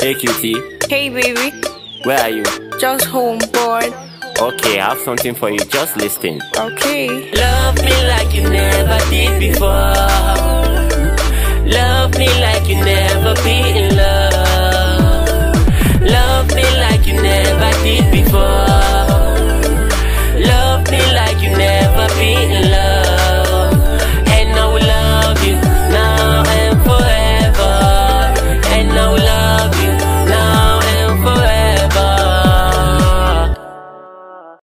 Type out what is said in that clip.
Hey cutie. Hey baby. Where are you? Just home, bored. Okay, I have something for you. Just listen. Okay. Love me like you never did before. Love me like you never been.